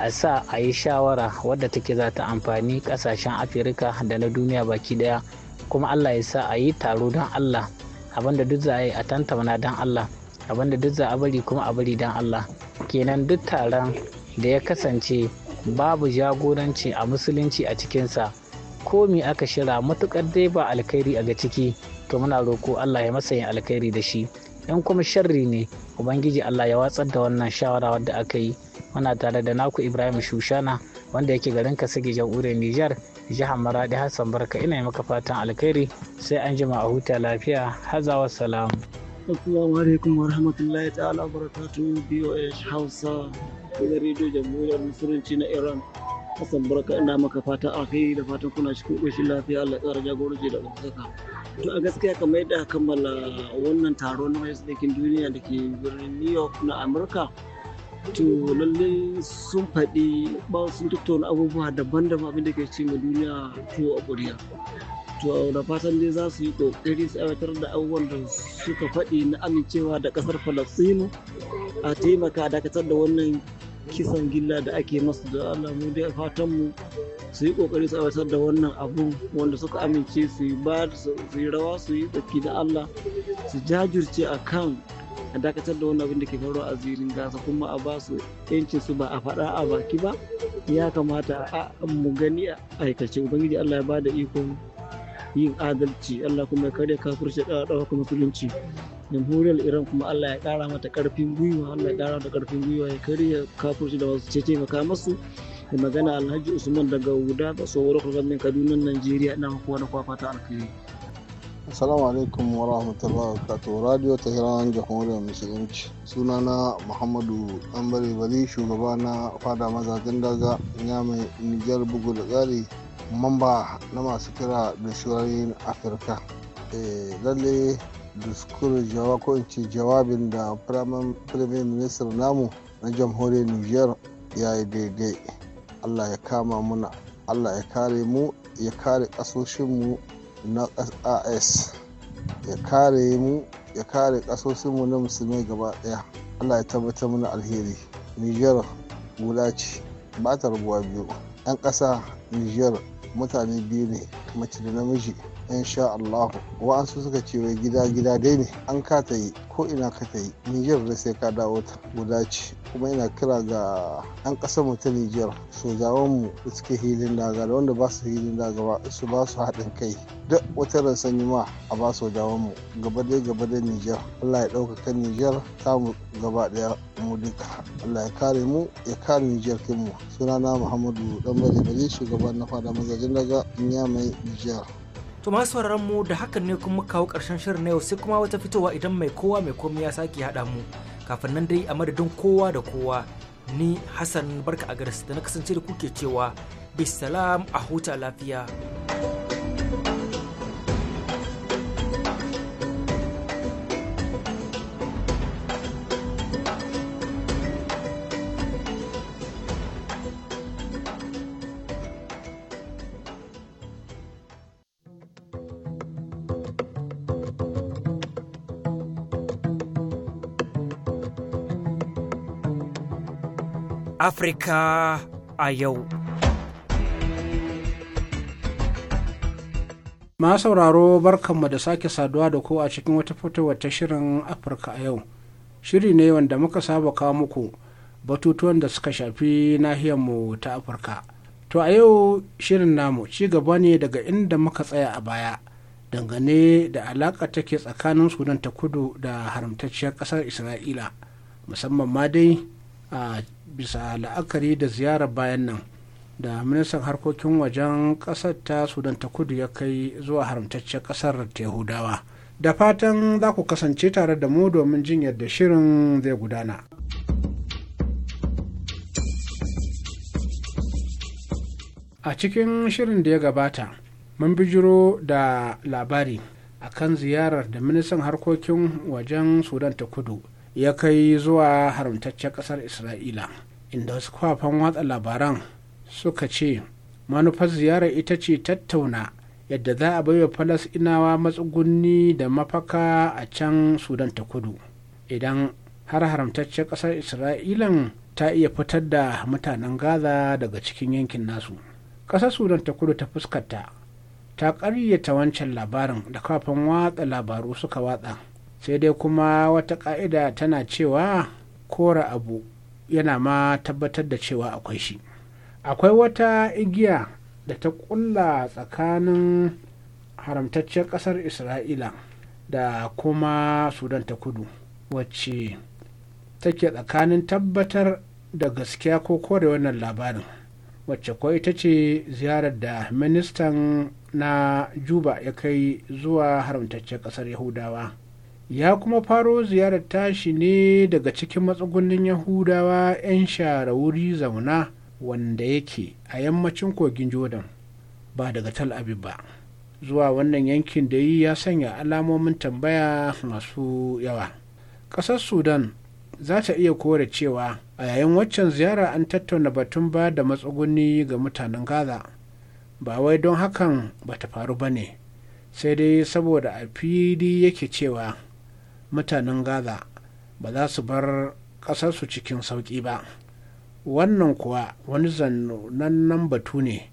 a sa a yi shawara wadda take za ta amfani kasashen afirka da na duniya baki daya kuma Allah ya sa a yi taro don Allah abinda duk za a yi a tantamana don Allah abinda duk za a bari kuma a bari don Allah kenan duk taron da ya kasance babu jagoranci a musulunci a cikinsa komi aka shira matukar dai ba alkhairi a ga ciki to muna roko Allah ya masa yin alkhairi da shi in kuma sharri ne ubangiji Allah ya watsar da wannan shawara wadda aka yi muna tare da naku Ibrahim Shushana wanda yake garin Kasige jamhuriyar Nijar jihar maradi hassan barka ina yi maka fatan alkhairi sai an jima a huta lafiya hazawa salam assalamu alaikum wa rahmatullahi ta'ala barakatuhu boh hausa da rediyo jamhuriyar musulunci na iran hassan barka ina maka fatan alkhairi da fatan kuna cikin ƙoshin lafiya allah tsara jagoranci da ɗaukaka to a gaskiya kamar yadda kammala wannan taro na majalisar ɗinkin duniya da ke birnin new york na amurka to lallai sun faɗi ba sun tattauna abubuwa daban-daban abin da ke ce ma duniya ko a ƙuriya to da fatan dai za su yi ƙoƙari su aiwatar da abubuwan da suka faɗi na amincewa da ƙasar falastinu a taimaka dakatar da wannan kisan gilla da ake masu da allah mu dai fatan mu su yi ƙoƙari su aiwatar da wannan abu wanda suka amince su yi ba su yi rawa su yi tsaki da allah su jajirce a kan a dakatar da wannan abin da ke faru a zirin gasa, kuma a ba su yancin su ba a faɗa a baki ba ya kamata a mu gani a aikace ubangiji allah ya bada ikon yin adalci allah kuma ya karya kafirci da dawa kuma musulunci jamhuriyar iran kuma allah ya kara mata karfin gwiwa allah ya kara mata karfin gwiwa ya karya kafirci da wasu cece maka masu da magana alhaji usman daga wuda da tsohuwar gwamnatin kaduna najeriya ina kuma da kwafata alkhairi Assalamu alaikum wa rahmatullahi wa barakatuh. Radio Tehran Jamhuriyar Musulunci. Sunana Muhammadu Ɗanbare Bari shugaba na fada mazajen daga mai Nijar bugu da tsari mamba na masu kira da shirayen Afirka. Eh, lalle diskur jawa ko in ce jawabin da Prime Ministar namu na Jamhuriyar Nijar ya yi daidai. Allah ya kama muna, Allah ya kare mu, ya kare ƙasoshinmu na as ya kare mu ya kare kasosinmu na musulmi gaba ɗaya allah ya tabbatar mana alheri niger guda ce ba ta rabuwa biyu 'yan ƙasa niger mutane biyu ne mace da namiji insha Allahu wa'ansu suka ce wai gida gida dai ne an ka ta yi ko ina ka ta yi Nijar da sai ka dawo ta guda ce kuma ina kira ga an ƙasa mu ta Nijar zawon mu da suke hilin daga da wanda ba su hilin daga ba su ba su haɗin kai duk wata rasan ma a ba dawon mu gaba dai gaba dai Nijar Allah ya ɗaukaka Nijar ta mu gaba ɗaya mu duka Allah ya kare mu ya kare Nijar kinmu sunana Muhammadu Ɗanbare Bari shugaban na fada mazajen daga Nyamai Nijar. To masu sauraron mu da hakan ne kuma kawo ƙarshen shirin na yau sai kuma wata fitowa idan mai kowa mai komai ya sake haɗa mu. Kafin nan dai a madadin kowa da kowa ni Hassan Barka a da na kasance da kuke cewa bisalam a huta lafiya. Afirka a yau. Ma sauraro barkanmu da sake saduwa da ku a cikin wata fitowar ta shirin Afirka a yau. Shiri ne wanda muka saba kawo muku batutuwan da suka shafi nahiyarmu ta Afirka. To a yau shirin namu ci gaba ne daga inda muka tsaya a baya dangane da alaƙa take tsakanin Sudan ta kudu da haramtacciyar ƙasar Isra'ila musamman ma dai a bisa la'akari da ziyarar bayan nan da ministan harkokin wajen ƙasar ta sudan ta kudu ya kai zuwa haramtacciyar ƙasar yahudawa da fatan za ku kasance tare da mu domin jin yadda shirin zai gudana a cikin shirin da ya gabata mun bijiro da labari akan ziyarar da ministan harkokin wajen sudan ta kudu ya kai zuwa haramtaccen ƙasar isra'ila inda wasu kwafan watsa labaran suka ce manufar ziyarar ita ce tattauna yadda za a baiwa falasɗinawa matsugunni da mafaka a can sudan ta kudu idan har haramtaccen ƙasar Isra'ila ta iya fitar da mutanen gaza daga cikin yankin nasu ƙasar sudan ta kudu ta fuskarta ta ƙaryata wancan labarin da kafin watsa labaru suka watsa sai dai kuma wata ƙa'ida tana cewa kora abu yana ma tabbatar da cewa akwai shi akwai wata igiya da ta kulla tsakanin haramtaccen ƙasar isra'ila da kuma sudan ta kudu wacce take tsakanin tabbatar da gaskiya ko kore wannan labarin wacce kawai ita ce ziyarar da ministan na juba ya kai zuwa haramtaccen ƙasar yahudawa ya kuma faro ziyarar tashi ne daga cikin matsugunin yahudawa 'yan shara wuri zauna wanda yake a yammacin kogin jordan ba daga tal abib ba zuwa wannan yankin da yi ya sanya alamomin tambaya masu yawa ƙasar sudan za ta iya kore cewa a yayin waccan ziyara an tattauna batun ba da matsuguni ga mutanen gaza ba wai don hakan ba ta faru ba ne sai dai saboda a fili yake cewa mutanen gaza ba za su bar ƙasarsu cikin sauƙi ba wannan kuwa wani zannannan batu ne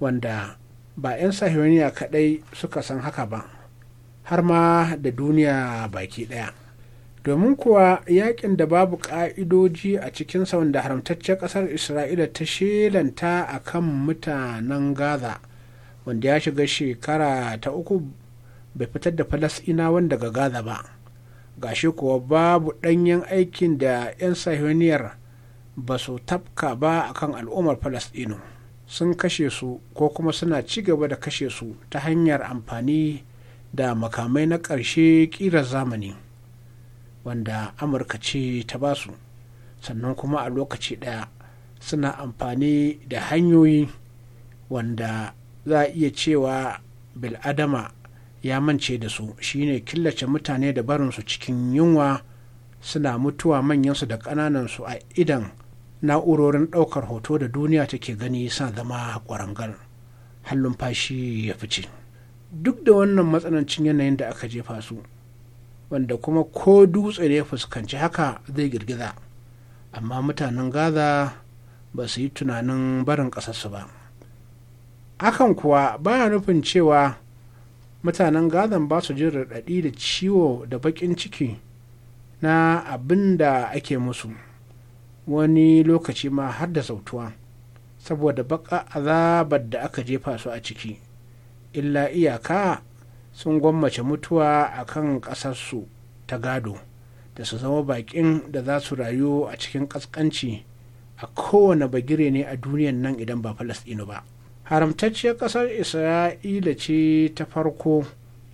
wanda ba 'yan sahiyoniya kaɗai suka san haka ba har ma da duniya baki ɗaya domin kuwa yakin da babu ƙa'idoji a cikin wanda haramtaccen ƙasar isra'ila ta shelanta a kan mutanen gaza wanda ya shiga shekara ta uku bai fitar da falasina wanda ga gaza ba gashi kuwa babu ɗanyen aikin da 'yan sahiyoniyar ba su tafka ba a kan al'ummar falasɗinu sun kashe su ko kuma suna ci gaba da kashe su ta hanyar amfani da makamai na ƙarshe ƙirar zamani wanda amurka ce ta basu sannan kuma a lokaci ɗaya suna amfani da hanyoyi wanda za a iya cewa biladama ya mance da su shine killace mutane da barinsu cikin yunwa suna mutuwa manyansu da ƙananansu a idan na'urorin ɗaukar hoto da duniya take gani sa zama ƙwarangar hallun fashi ya fice duk da wannan matsanancin yanayin da aka jefa su wanda kuma ko dutse ya fuskanci haka zai girgiza amma mutanen gaza ba su yi tunanin barin ƙasarsu ba hakan kuwa baya nufin cewa mutanen gazan ba su jin raɗaɗi da ciwo da baƙin ciki na abin da ake musu wani lokaci ma har da sautuwa saboda baƙa azabar da aka jefa su a ciki illa iyaka sun gwammace mutuwa a kan ƙasarsu ta gado da su zama baƙin da za su rayu a cikin ƙasƙanci a kowane bagire ne a duniyan nan idan ba falasɗinu ba. haramtacciyar ƙasar isra'ila ce ta farko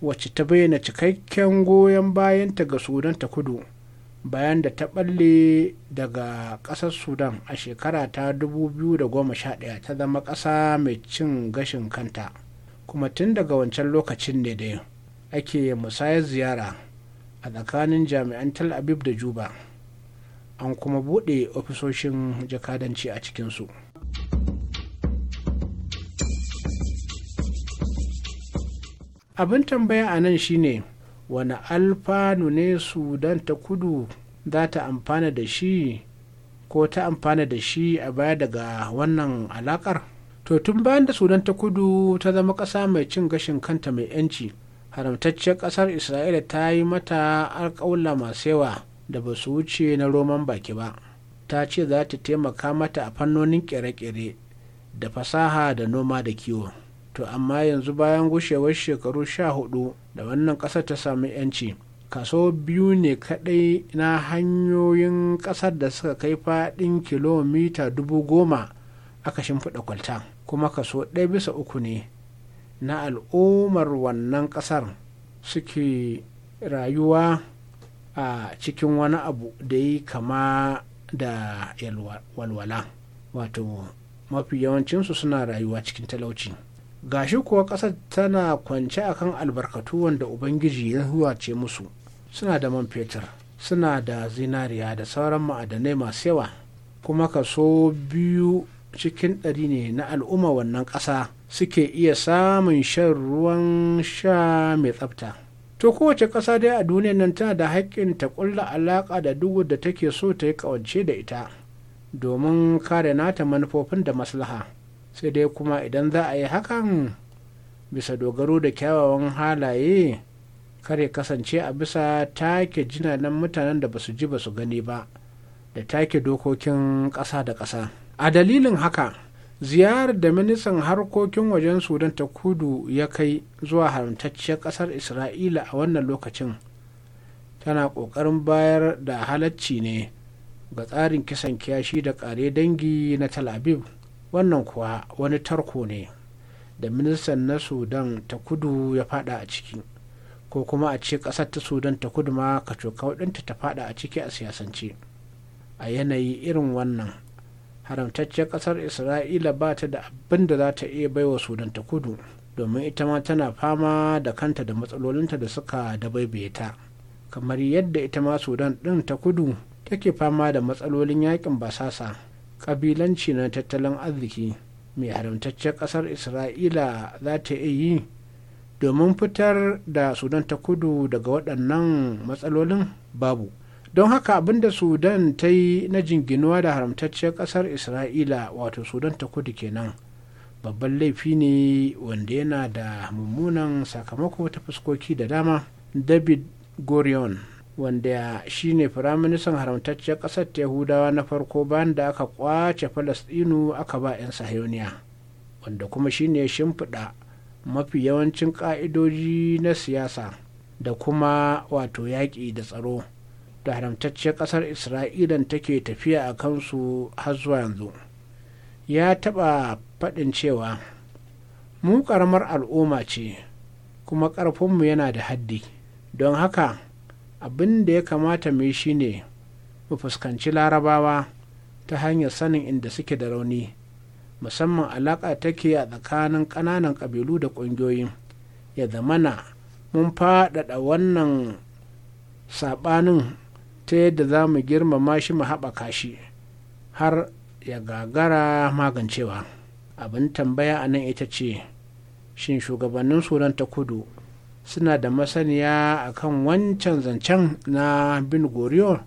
wacce ta bayyana cikakken goyon bayanta ga sudan ta kudu bayan da ta balle daga ƙasar sudan a shekara ta 2011 ta zama ƙasa mai cin gashin kanta kuma tun daga wancan lokacin ne dai ake musayar ziyara a tsakanin jami'an tel aviv da juba an kuma buɗe ofisoshin jakadanci a cikinsu. abin tambaya a nan shine wani alfanu ne sudan ta kudu za ta amfana da shi ko ta amfana da shi a baya daga wannan alakar to tun bayan da sudan ta kudu ta zama ƙasa mai cin gashin kanta mai 'yanci haramtacciyar ƙasar isra'ila ta yi mata alƙawla masu yawa da ba su wuce na roman baki ba ta ce za ta taimaka mata a fannonin ƙere-ƙere da fasaha da noma da kiwo to amma yanzu bayan gushewar shekaru sha hudu da wannan ƙasar ta sami 'yanci kaso biyu ne kadai na hanyoyin ƙasar da suka kai faɗin kilomita dubu goma aka shimfiɗa kwalta kuma kaso ɗaya bisa uku ne na al'ummar wannan ƙasar suke rayuwa a cikin wani abu da yi kama da walwala wato mafi yawancinsu suna rayuwa cikin talauci. gashi kuwa ƙasar tana kwance akan albarkatu wanda ubangiji ya huwace musu suna da man fetur suna da zinariya da sauran ma'adanai masu yawa kuma kaso biyu cikin ɗari ne na al'umma wannan ƙasa suke iya samun shan ruwan sha mai tsafta to kowace ƙasa dai a duniyan nan tana da haƙƙin ta ƙulla alaƙa da duk da take so ta yi ƙawance da ita domin kare nata manufofin da maslaha sai dai kuma idan za a yi hakan bisa dogaro da kyawawan halaye kar ya kasance a bisa take jinanan mutanen da basu ji ba su gani ba da take dokokin ƙasa da ƙasa a dalilin haka ziyarar da ministan harkokin wajen sudan ta kudu ya kai zuwa haramtacciyar ƙasar isra'ila a wannan lokacin tana ƙoƙarin bayar da halacci ne ga tsarin kisan kiyashi da ƙare dangi na talabib. wannan kuwa wani tarko ne da ministan na sudan ta kudu ya fada a ciki ko kuma a ce kasar ta sudan ta kudu ma kacokau ɗinta ta fada a ciki a siyasance a yanayi irin wannan haramtacciyar kasar isra'ila ba ta da abin da za ta iya baiwa sudan ta kudu domin ita ma tana fama da kanta da matsalolinta da suka dabaibaye ta kamar yadda ita ma sudan ɗin ta kudu take fama da matsalolin yakin basasa kabilanci na tattalin arziki mai haramtaccen ƙasar isra'ila za ta yi domin fitar da sudan ta kudu daga waɗannan matsalolin babu don haka abin da sudan ta yi na jinginuwa da haramtacciyar ƙasar isra'ila wato sudan ta kudu kenan babban laifi ne wanda yana da mummunan sakamako ta fuskoki da dama david gorion wanda shi ne firaministan haramtacciyar ƙasar yahudawa na farko bayan da aka kwace falastinu aka ba 'yan sahiyoniya wanda kuma shi ne shimfiɗa mafi yawancin ƙa'idoji na siyasa da kuma wato yaƙi da tsaro da haramtacciyar ƙasar isra'ilan take tafiya a kansu har zuwa yanzu ya taɓa faɗin cewa mu ƙaramar al'umma ce kuma ƙarfinmu yana da haddi don haka abin da ya kamata mu yi ne mu fuskanci larabawa ta hanyar sanin inda suke da rauni musamman alaƙa take a tsakanin ƙananan ƙabilu da ƙungiyoyin. ya zamana mun faɗaɗa wannan saɓanin ta yadda za mu girmama shi mu haɓaka shi har ya gagara magancewa abin tambaya a nan ita ce shin shugabannin sudan ta kudu suna da masaniya a kan wancan zancen na bin goriyo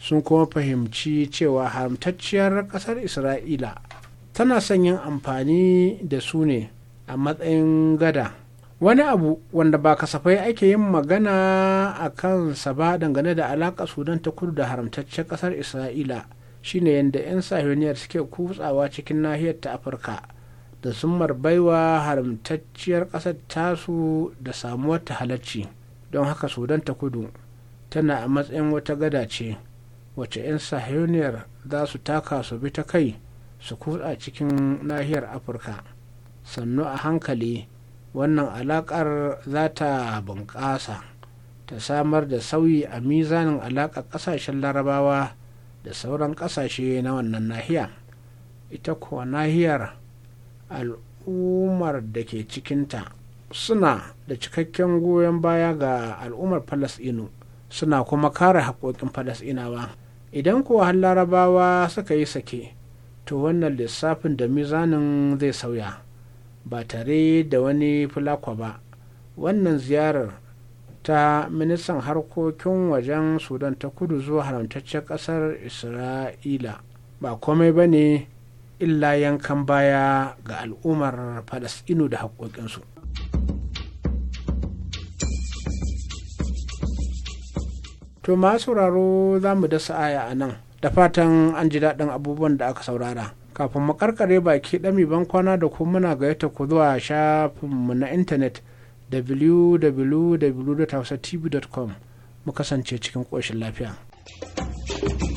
sun kuma fahimci cewa haramtacciyar ƙasar isra'ila tana son yin amfani da su ne a matsayin gada wani abu wanda ba kasafai ake yin magana a kansa ba dangane da alaƙa sudan ta kudu da haramtacciyar ƙasar isra'ila shine yadda 'yan sahiyoniyar suke kutsawa cikin nahiyar ta afirka da sun baiwa haramtacciyar ƙasar tasu da samuwar ta halacci don haka sudan ta kudu tana a matsayin wata gada ce wacce 'yan sahiyoniyar za su taka su bi ta kai su kutsa cikin nahiyar afirka sannu a hankali wannan alaƙar za ta bunƙasa ta samar da sauyi a mizanin alaƙar ƙasashen larabawa da sauran ƙasashe na wannan nahiya ita kuwa nahiyar al'ummar da ke cikinta suna da cikakken goyon baya ga al'ummar falasɗinu suna kuma kare haƙoƙin falasɗinawa idan kuwa har larabawa suka yi sake to wannan lissafin da mizanin zai sauya ba tare da wani fulakwa ba wannan ziyarar ta ministan harkokin wajen sudan ta kudu zuwa haramtaccen ƙasar isra'ila ba komai ba ne illa yankan baya ga al'ummar falasɗinu da haƙoƙinsu to masu sauraro za mu dasa aya a nan da fatan an ji daɗin abubuwan da aka saurara kafin mu karkare baki ɗami ban kwana da kuma muna gayyata ku zuwa shafinmu na intanet www.tv.com mu kasance cikin ƙoshin lafiya. thank you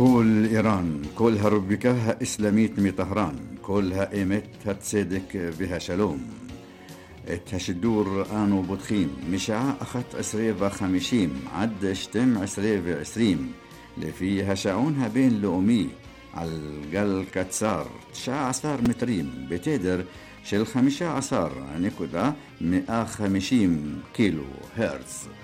كل إيران كلها ربكها إسلاميت مي طهران كلها إيمت هتصدق بها شلوم الدور آنو بطخيم مشاع أخت عسرية وخمشيم عد شتم عسرية وعسريم لفي هشعونها بين لؤمي على الجل كتسار تشاع عصار متريم بتدر عصار نكودا مئة خمشيم كيلو هرتز